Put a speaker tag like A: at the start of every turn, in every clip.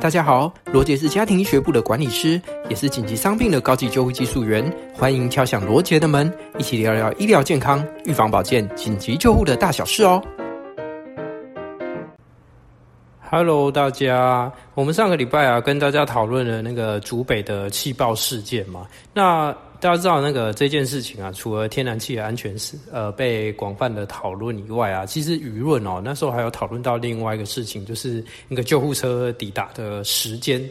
A: 大家好，羅傑是家庭醫學部的管理師，也是緊急傷病的高級救護技術員。歡迎敲響羅傑的門，一起聊聊醫療健康、預防保健、緊急救護的大小事哦。Hello，大家，我們上個禮拜啊，跟大家討論了那個竹北的氣爆事件嘛，那。大家知道那個這件事情啊，除了天然氣的安全是呃被廣泛的討論以外啊，其實輿論哦那時候還有討論到另外一個事情，就是那個救護車抵達的時間。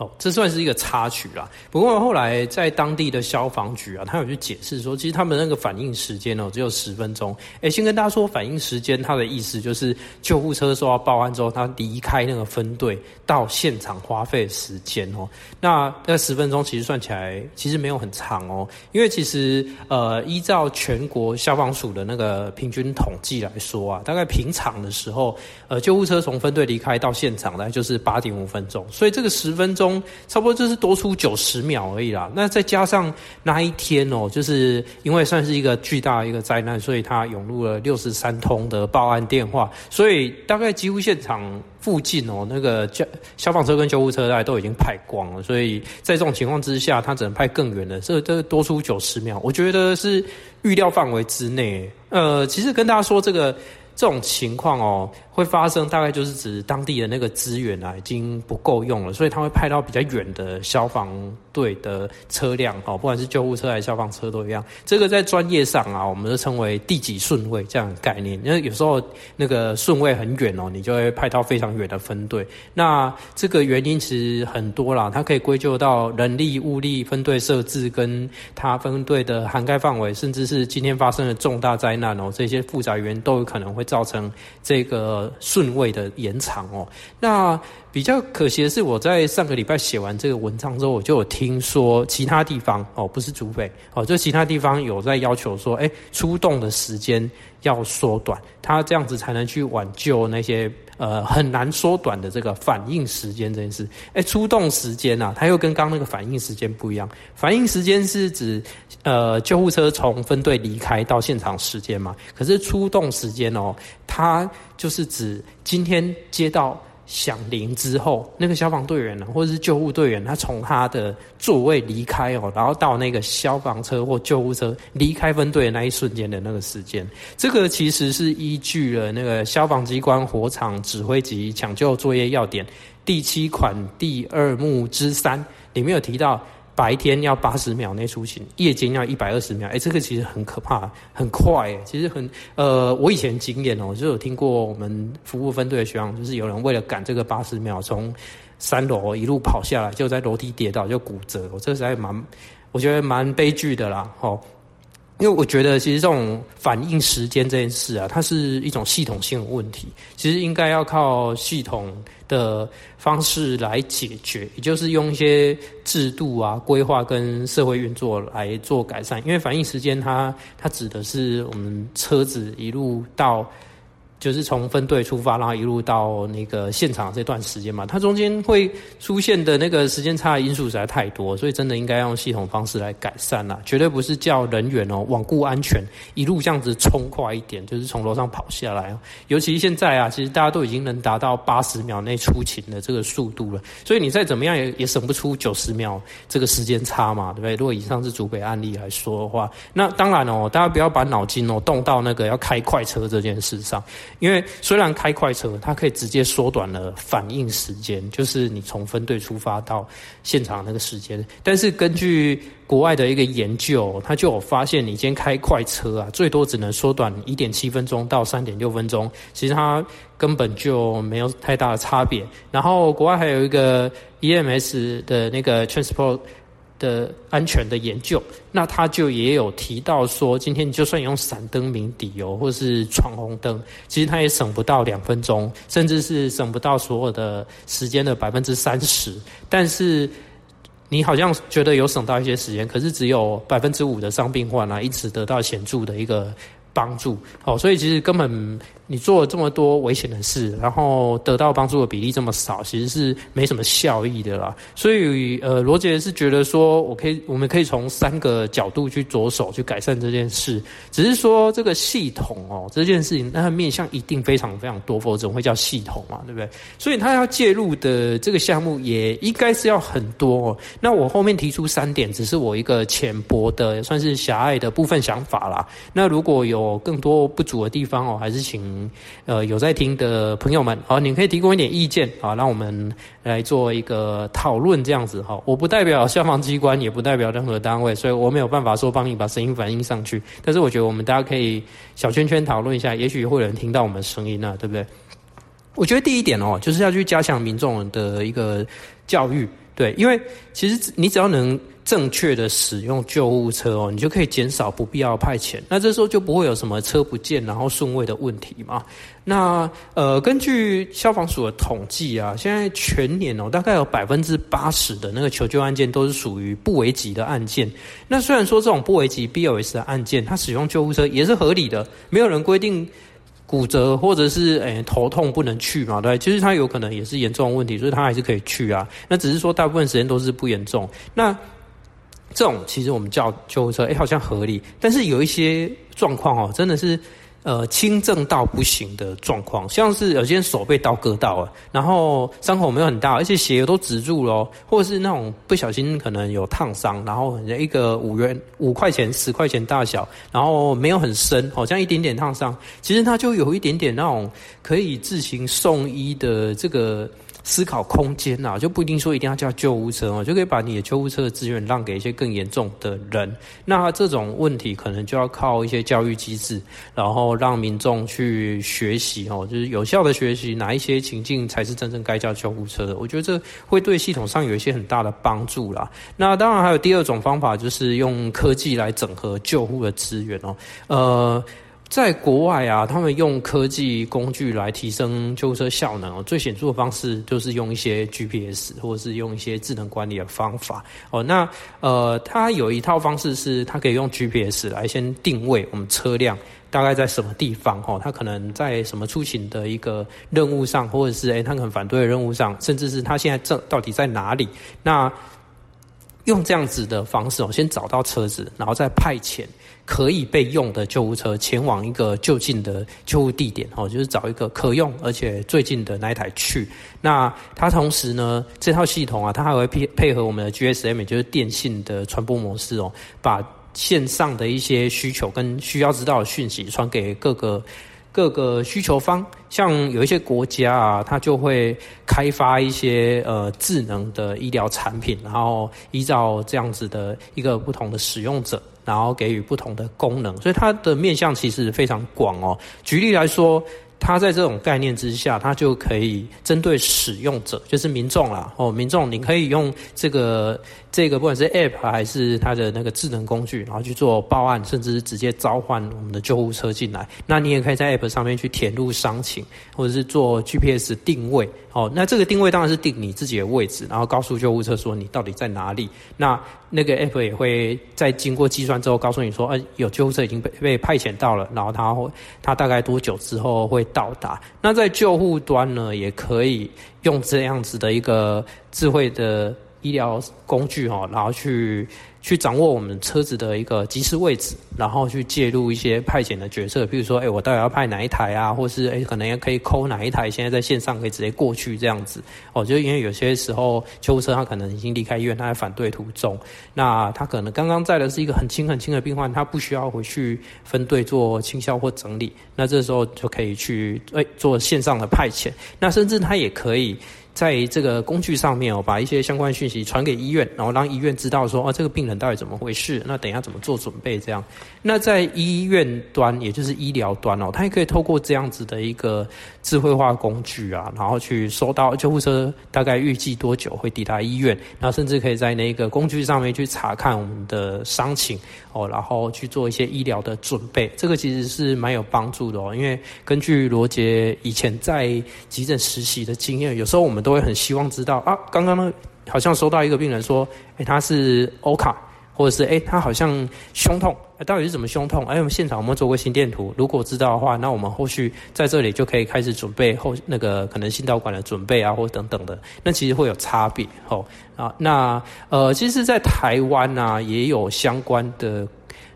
A: 哦，這算是一個插曲啦。不過後來在當地的消防局啊，他有去解釋說，其實他們那個反應時間哦只有十分鐘。哎，先跟大家說反應時間，它的意思就是救護車說要報案之後，他離開那個分隊到現場花費時間哦。那那十分鐘其實算起來其實沒有很長哦，因為其實呃依照全國消防署的那個平均統計來說啊，大概平常的時候，呃救護車從分隊離開到現場大概就是八點五分鐘，所以這個十分鐘。差不多就是多出九十秒而已啦。那再加上那一天哦，就是因為算是一個巨大的一個災難，所以他湧入了六十三通的報案電話，所以大概幾乎現場附近哦，那個消防車跟救護車都已經派光了。所以在這種情況之下，他只能派更遠的，這這多出九十秒，我覺得是預料範圍之內。呃，其實跟大家說這個。這種情況哦、喔，會發生大概就是指當地的那個資源啊，已經不夠用了，所以他會派到比較遠的消防。隊的車輛哦，不管是救護車還是消防車都一樣。這個在專業上啊，我們都稱為第幾順位這樣概念。因為有時候那個順位很遠哦，你就會派到非常遠的分隊。那這個原因其實很多啦，它可以歸咎到人力、物力、分隊設置跟它分隊的涵蓋範圍，甚至是今天發生了重大災難哦、喔，這些複雜原因都有可能會造成這個順位的延長哦、喔。那比較可惜的是，我在上個禮拜寫完這個文章之後，我就有聽。聽說其他地方哦，不是主北哦，就其他地方有在要求說，哎，出動的時間要縮短，他這樣子才能去挽救那些呃很難縮短的這個反應時間這件事。哎，出動時間啊，他又跟剛剛那個反應時間不一樣。反應時間是指呃救護車從分隊離開到現場時間嘛。可是出動時間哦，他就是指今天接到響鈴之後，那個消防隊員呢、啊，或者是救護隊員，他從他的座位離開哦、喔，然後到那個消防車或救護車離開分隊的那一瞬間的那個時間，這個其實是依據了那個消防機關火場指揮及搶救作業要點第七款第二目之三，裡面有提到。白天要八十秒內出勤，夜間要一百二十秒。哎、欸，這個其實很可怕，很快。其實很呃，我以前經驗哦、喔，就有聽過我們服務分隊的學員，就是有人為了趕這個八十秒，從三樓一路跑下來，就在樓梯跌倒就骨折。我這個時候還蠻，我覺得蠻悲劇的啦。哦，因為我覺得其實這種反應時間這件事啊，它是一種系統性的問題，其實應該要靠系統。的方式來解決，也就是用一些制度啊、規劃跟社會運作來做改善。因為反應時間，它它指的是我們車子一路到。就是從分隊出發，然後一路到那個現場這段時間嘛，它中間會出現的那個時間差的因素實在太多，所以真的應該用系統方式來改善啦、啊，絕對不是叫人員哦罔顧安全一路這樣子衝快一點，就是從樓上跑下來、啊。尤其現在啊，其實大家都已經能達到八十秒內出勤的這個速度了，所以你再怎麼樣也也省不出九十秒這個時間差嘛，對不對？如果以上是湖北案例來說的話，那當然哦，大家不要把腦筋哦動到那個要開快車這件事上。因為雖然開快車，它可以直接縮短了反應時間，就是你從分隊出發到現場那個時間。但是根據國外的一個研究，它就有發現，你今天開快車啊，最多只能縮短一點七分鐘到三點六分鐘，其實它根本就沒有太大的差別。然後國外還有一個 EMS 的那個 transport。的安全的研究，那他就也有提到說，今天你就算用閃燈鳴笛、哦、或是闖紅燈，其實他也省不到兩分鐘，甚至是省不到所有的時間的百分之三十。但是你好像覺得有省到一些時間，可是只有百分之五的傷病患呢、啊，一直得到顯著的一個。幫助哦，所以其實根本你做了這麼多危險的事，然後得到幫助的比例這麼少，其實是沒什麼效益的啦。所以呃，羅傑是覺得說，我可以，我們可以從三個角度去着手去改善這件事。只是說這個系統哦，這件事情那它面向一定非常非常多，否則會叫系統嘛，對不對？所以他要介入的這個項目也應該是要很多哦。那我後面提出三點，只是我一個淺薄的，算是狹隘的部分想法啦。那如果有我更多不足的地方哦，還是請呃有在聽的朋友們，好，你可以提供一點意見啊，讓我們來做一個討論這樣子哈。我不代表消防機關，也不代表任何單位，所以我沒有辦法說幫你把聲音反映上去。但是我覺得我們大家可以小圈圈討論一下，也許會有人聽到我們的聲音啊，對不對？我覺得第一點哦，就是要去加強民眾的一個教育，對，因為其實你只要能。正確的使用救護車哦，你就可以減少不必要的派遣。那這時候就不會有什麼車不見然後順位的問題嘛。那呃，根據消防署的統計啊，現在全年哦、喔，大概有百分之八十的那個求救案件都是屬於不危急的案件。那雖然說這種不危急 BLS 的案件，他使用救護車也是合理的。沒有人規定骨折或者是誒、欸、頭痛不能去嘛。對，其實他有可能也是嚴重的問題，所以他還是可以去啊。那只是說大部分時間都是不嚴重。那這種其實我們叫救護車，哎、欸，好像合理。但是有一些狀況哦，真的是呃輕症到不行的狀況，像是有些人手被刀割到了，然後傷口沒有很大，而且血都止住了，喔，或者是那種不小心可能有燙傷，然後一個五元、五塊錢、十塊錢大小，然後沒有很深，喔，好像一點點燙傷，其實它就有一點點那種可以自行送醫的這個。思考空間啊，就不一定說一定要叫救護車哦，就可以把你的救護車的資源讓給一些更嚴重的人。那這種問題可能就要靠一些教育機制，然後讓民眾去學習哦，就是有效的學習哪一些情境才是真正該叫救護車的。我覺得這會對系統上有一些很大的幫助啦。那當然還有第二種方法，就是用科技來整合救護的資源哦，呃。在國外啊，他們用科技工具來提升救護車效能。哦，最顯著的方式就是用一些 GPS，或者是用一些智能管理的方法。哦，那呃，它有一套方式是它可以用 GPS 來先定位我們車輛大概在什麼地方。哦，它可能在什麼出勤的一個任務上，或者是誒、欸、它很反對的任務上，甚至是它現在正到底在哪裡？那用這樣子的方式，哦，先找到車子，然後再派遣。可以被用的救護車前往一個就近的救護地點哦，就是找一個可用而且最近的那一台去。那它同時呢，這套系統啊，它還會配配合我們的 GSM，也就是電信的傳播模式哦，把線上的一些需求跟需要知道的訊息傳給各個各個需求方。像有一些國家啊，它就會開發一些呃智能的醫療產品，然後依照這樣子的一個不同的使用者。然後給予不同的功能，所以它的面向其實非常廣哦。舉例來說，它在這種概念之下，它就可以針對使用者，就是民眾啦，哦，民眾，你可以用這個。這個不管是 App 還是它的那個智能工具，然後去做報案，甚至是直接召喚我們的救護車進來。那你也可以在 App 上面去填入傷情，或者是做 GPS 定位。哦，那這個定位當然是定你自己的位置，然後告訴救護車說你到底在哪裡。那那個 App 也會在經過計算之後告訴你說，啊，有救護車已經被被派遣到了，然後它會它大概多久之後會到達？那在救護端呢，也可以用這樣子的一個智慧的。醫療工具哈、哦，然後去去掌握我們車子的一個即時位置，然後去介入一些派遣的角色。比如說，誒、欸，我到底要派哪一台啊？或是誒、欸，可能也可以扣哪一台？現在在線上可以直接過去這樣子。哦，就因為有些時候救護車他可能已經離開醫院，他在返隊途中，那他可能剛剛載的是一個很輕很輕的病患，他不需要回去分隊做清消或整理。那這時候就可以去誒、欸、做線上的派遣。那甚至他也可以。在這個工具上面哦，把一些相關訊息傳給醫院，然後讓醫院知道說啊，這個病人到底怎麼回事，那等一下怎麼做準備這樣。那在醫院端，也就是醫療端哦，它也可以透過這樣子的一個智慧化工具啊，然後去收到救護車大概預計多久會抵達醫院，然後甚至可以在那個工具上面去查看我們的傷情哦，然後去做一些醫療的準備。這個其實是蠻有幫助的哦，因為根據羅傑以前在急診實習的經驗，有時候我們都會很希望知道啊，剛剛呢好像收到一個病人說，誒、欸、他是 O 卡，或者是誒、欸、他好像胸痛、欸，到底是怎麼胸痛？誒我們現場有沒有做過心電圖？如果知道的話，那我們後續在這裡就可以開始準備後那個可能心導管的準備啊，或等等的。那其實會有差別齁啊，那呃，其實，在台灣呢、啊、也有相關的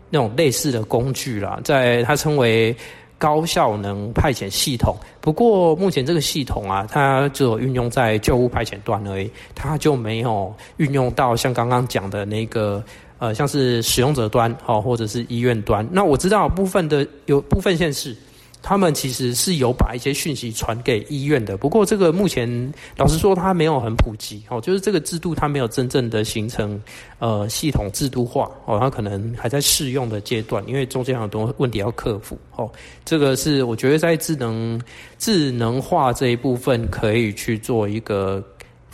A: 那種類似的工具啦，在它稱為。高效能派遣系統，不過目前這個系統啊，它只有運用在救護派遣端而已，它就沒有運用到像剛剛講的那個呃，像是使用者端哦，或者是醫院端。那我知道部分的，有部分縣市，他們其實是有把一些訊息傳給醫院的，不過這個目前老實說，它沒有很普及哦，就是這個制度它沒有真正的形成呃系統制度化哦，它可能還在試用的階段，因為中間有很多問題要克服哦。這個是我覺得在智能、智能化這一部分可以去做一個。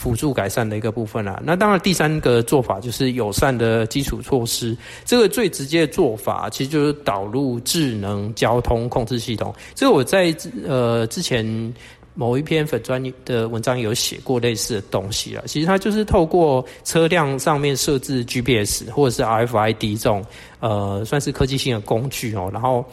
A: 輔助改善的一個部分啦、啊，那當然第三個做法就是友善的基礎措施，這個最直接的做法，其實就是導入智能交通控制系統。這個我在呃之前某一篇粉專的文章有寫過類似的東西啊。其實它就是透過車輛上面設置 GPS 或者是 RFID 這種呃算是科技性的工具哦、喔，然後。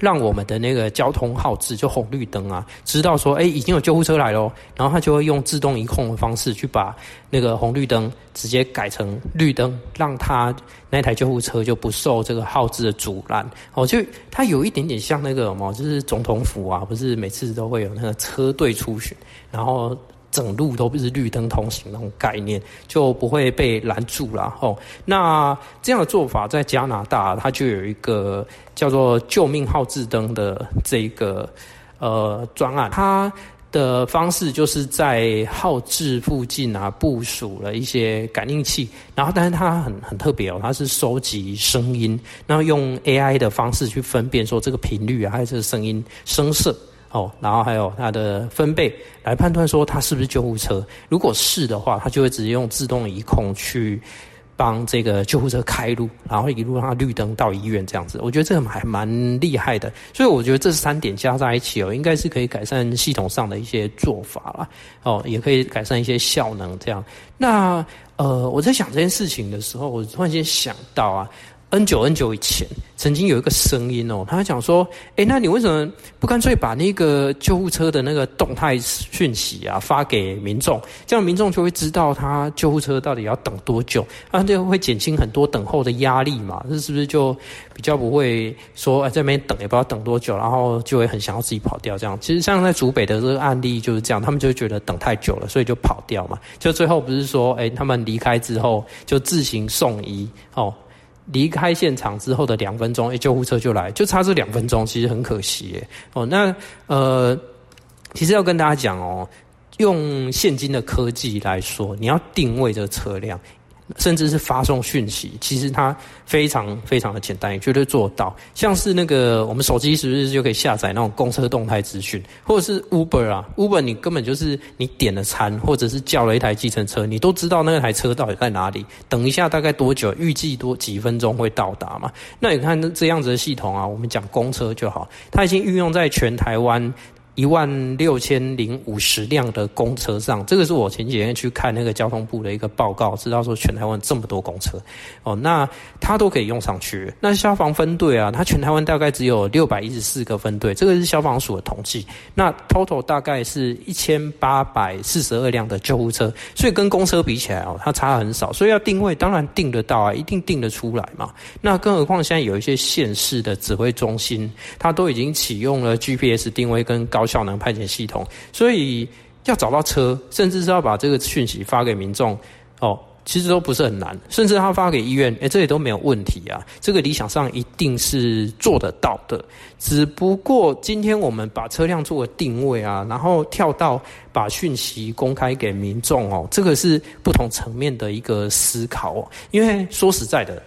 A: 讓我們的那個交通號誌，就紅綠燈啊，知道說，誒、欸、已經有救護車來咯，然後他就會用自動移控的方式去把那個紅綠燈直接改成綠燈，讓它那台救護車就不受這個號誌的阻攔。哦、喔，就它有一點點像那個什麼，就是總統府啊，不是每次都會有那個車隊出巡，然後。整路都不是綠燈通行的那種概念，就不會被攔住了哦。那這樣的做法在加拿大，它就有一個叫做“救命號誌燈”的這個呃專案。它的方式就是在號誌附近啊部署了一些感應器，然後但是它很很特別哦，它是收集聲音，然後用 AI 的方式去分辨說這個頻率啊，還有這個聲音聲色。哦，然後還有它的分貝來判斷說它是不是救護車，如果是的話，它就會直接用自動移控去幫這個救護車開路，然後一路讓它綠燈到醫院這樣子。我覺得這個還蠻厲害的，所以我覺得這三點加在一起哦，應該是可以改善系統上的一些做法啦。哦，也可以改善一些效能這樣。那呃，我在想這件事情的時候，我突然間想到啊。很久很久以前，曾經有一個聲音哦、喔，他講說：“誒、欸、那你為什麼不乾脆把那個救護車的那個動態訊息啊發給民眾？這樣民眾就會知道他救護車到底要等多久，啊，這會減輕很多等候的壓力嘛？這是不是就比較不會說哎、欸，在那邊等也不知道等多久，然後就會很想要自己跑掉？這樣其實像在竹北的這個案例就是這樣，他們就覺得等太久了，所以就跑掉嘛。就最後不是說哎、欸，他們離開之後就自行送醫哦。喔”離開現場之後的兩分鐘，哎，救護車就來，就差這兩分鐘，其實很可惜。哦，那呃，其實要跟大家講哦，用現今的科技來說，你要定位這個車輛。甚至是發送訊息，其實它非常非常的簡單，也絕對做得到。像是那個我們手機是不是就可以下載那種公車動態資訊，或者是 Uber 啊，Uber 你根本就是你點了餐，或者是叫了一台計程車，你都知道那台車到底在哪裡，等一下大概多久，預計多幾分鐘會到達嘛？那你看這樣子的系統啊，我們講公車就好，它已經運用在全台灣。一萬六千零五十輛的公車上，這個是我前幾天去看那個交通部的一個報告，知道說全台灣這麼多公車哦，那它都可以用上去。那消防分隊啊，它全台灣大概只有六百一十四個分隊，這個是消防署的統計。那 total 大概是一千八百四十二輛的救護車，所以跟公車比起來哦，它差的很少。所以要定位，當然定得到啊，一定定得出來嘛。那更何況現在有一些縣市的指揮中心，它都已經啟用了 GPS 定位跟高高效能派遣系統，所以要找到車，甚至是要把這個訊息發給民眾哦，其實都不是很難。甚至他發給醫院，誒，這也都沒有問題啊。這個理想上一定是做得到的，只不過今天我們把車輛作為定位啊，然後跳到把訊息公開給民眾哦，這個是不同層面的一個思考哦，因為說實在的，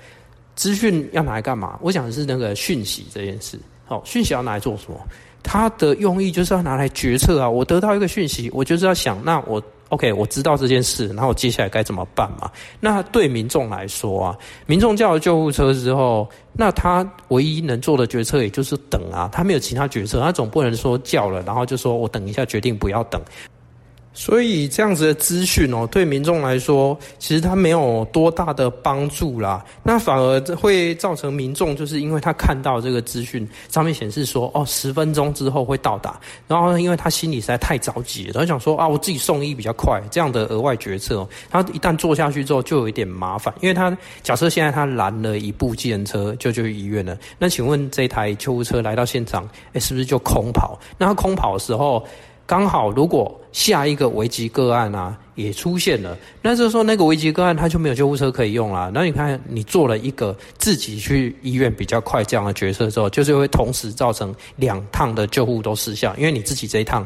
A: 資訊要拿來幹嘛？我講的是那個訊息這件事。哦，訊息要拿來做什麼？他的用意就是要拿來決策啊！我得到一個訊息，我就是要想，那我 OK，我知道這件事，然後我接下來該怎麼辦嘛？那對民眾來說啊，民眾叫了救護車之後，那他唯一能做的決策也就是等啊，他沒有其他決策，他總不能說叫了，然後就說我等一下決定不要等。所以這樣子的資訊哦，對民眾來說，其實他沒有多大的幫助啦。那反而會造成民眾，就是因為他看到這個資訊上面顯示說，哦、喔，十分鐘之後會到達。然後呢，因為他心裡實在太着急了，他就想說啊，我自己送醫比較快。這樣的額外決策、喔，他一旦做下去之後，就有一點麻煩。因為他假設現在他攔了一部計程車就去醫院了，那請問這台救護車來到現場，欸，是不是就空跑？那他空跑的時候，剛好，如果下一個危機個案啊也出現了，那就是說那個危機個案它就沒有救護車可以用了啊。那你看，你做了一個自己去醫院比較快這樣的決策之後，就是會同時造成兩趟的救護都失效，因為你自己這一趟。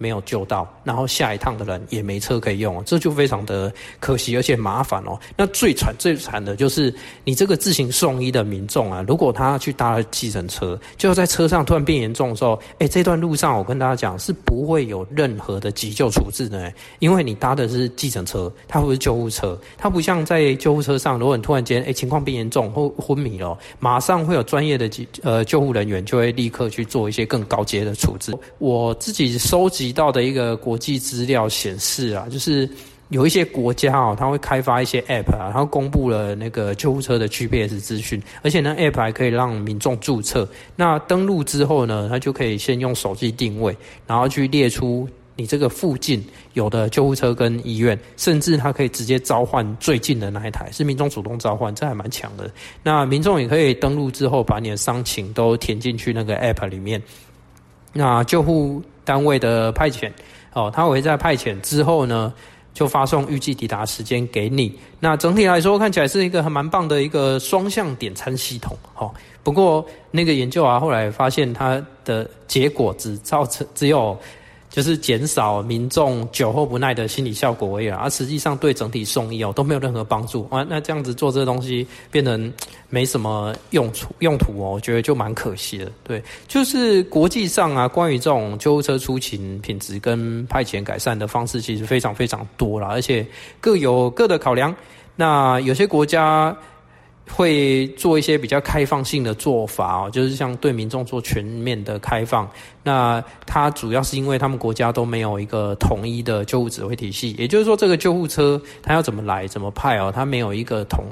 A: 沒有救到，然後下一趟的人也沒車可以用，這就非常的可惜，而且麻煩哦。那最慘、最慘的就是你這個自行送醫的民眾啊，如果他去搭了計程車，就在車上突然變嚴重的時候，哎，這段路上我跟大家講是不會有任何的急救處置的，因為你搭的是計程車，它不是救護車，它不像在救護車上，如果你突然間哎情況變嚴重或昏迷了，馬上會有專業的呃救護人員就會立刻去做一些更高階的處置。我自己收集。提到的一個國際資料顯示啊，就是有一些國家啊，它會開發一些 App 啊，然後公布了那個救護車的 GPS 資訊，而且呢 App 還可以讓民眾註冊。那登錄之後呢，它就可以先用手機定位，然後去列出你這個附近有的救護車跟醫院，甚至它可以直接召喚最近的那一台，是民眾主動召喚，這還蠻強的。那民眾也可以登錄之後，把你的傷情都填進去那個 App 裡面，那救護。單位的派遣，哦，他會在派遣之後呢，就發送預計抵達時間給你。那整體來說，看起來是一個還蠻棒的一個雙向點餐系統，哈、哦。不過那個研究啊，後來發現它的結果只造成只有。就是減少民眾久候不耐的心理效果而已啊，啊實際上對整體送醫哦都沒有任何幫助。啊那這樣子做這個東西變成沒什麼用處用途，哦，我覺得就蠻可惜的。對，就是國際上啊，關於這種救護車出勤品質跟派遣改善的方式，其實非常非常多了，而且各有各的考量。那有些國家。會做一些比較開放性的做法，就是像對民眾做全面的開放。那它主要是因為他們國家都沒有一個統一的救護指揮體系，也就是說，這個救護車它要怎麼來、怎麼派哦，它沒有一個統。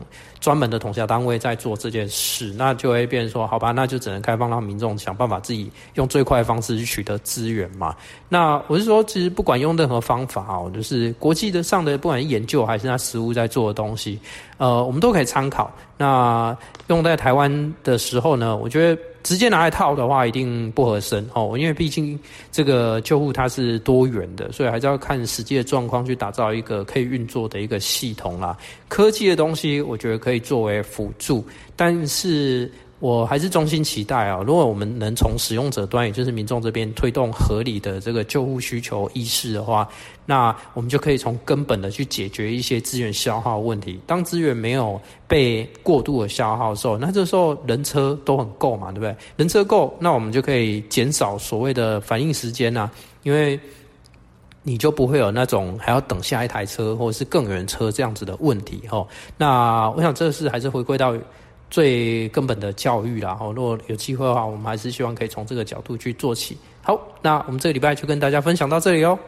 A: 專門的統轄單位在做這件事，那就會變成說，好吧，那就只能開放讓民眾想辦法自己用最快的方式去取得資源嘛。那我是說，其實不管用任何方法哦，就是國際的上的，不管是研究還是拿實物在做的東西，呃，我們都可以參考。那用在台灣的時候呢，我覺得。直接拿來套的話，一定不合身哦。因為畢竟這個救護它是多元的，所以還是要看實際的狀況去打造一個可以運作的一個系統啦。科技的東西，我覺得可以作為輔助，但是。我還是衷心期待啊！如果我們能從使用者端，也就是民眾這邊推動合理的這個救護需求意識的話，那我們就可以從根本的去解決一些資源消耗的問題。當資源沒有被過度的消耗的時候，那這時候人車都很夠嘛，對不對？人車夠，那我們就可以減少所謂的反應時間吶，因為你就不會有那種還要等下一台車或者是更遠車這樣子的問題吼。那我想這是還是回歸到。最根本的教育啦，齁！如果有機會的話，我們還是希望可以從這個角度去做起。好，那我們這個禮拜就跟大家分享到這裡哦。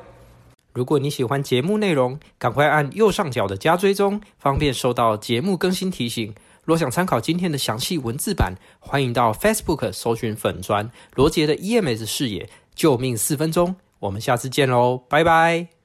A: 如果你喜歡節目內容，趕快按右上角的加追蹤，方便收到節目更新提醒。若想參考今天的詳細文字版，歡迎到 Facebook 搜尋粉專羅傑的 EMS 視野救命四分鐘。我們下次見嘍，拜拜。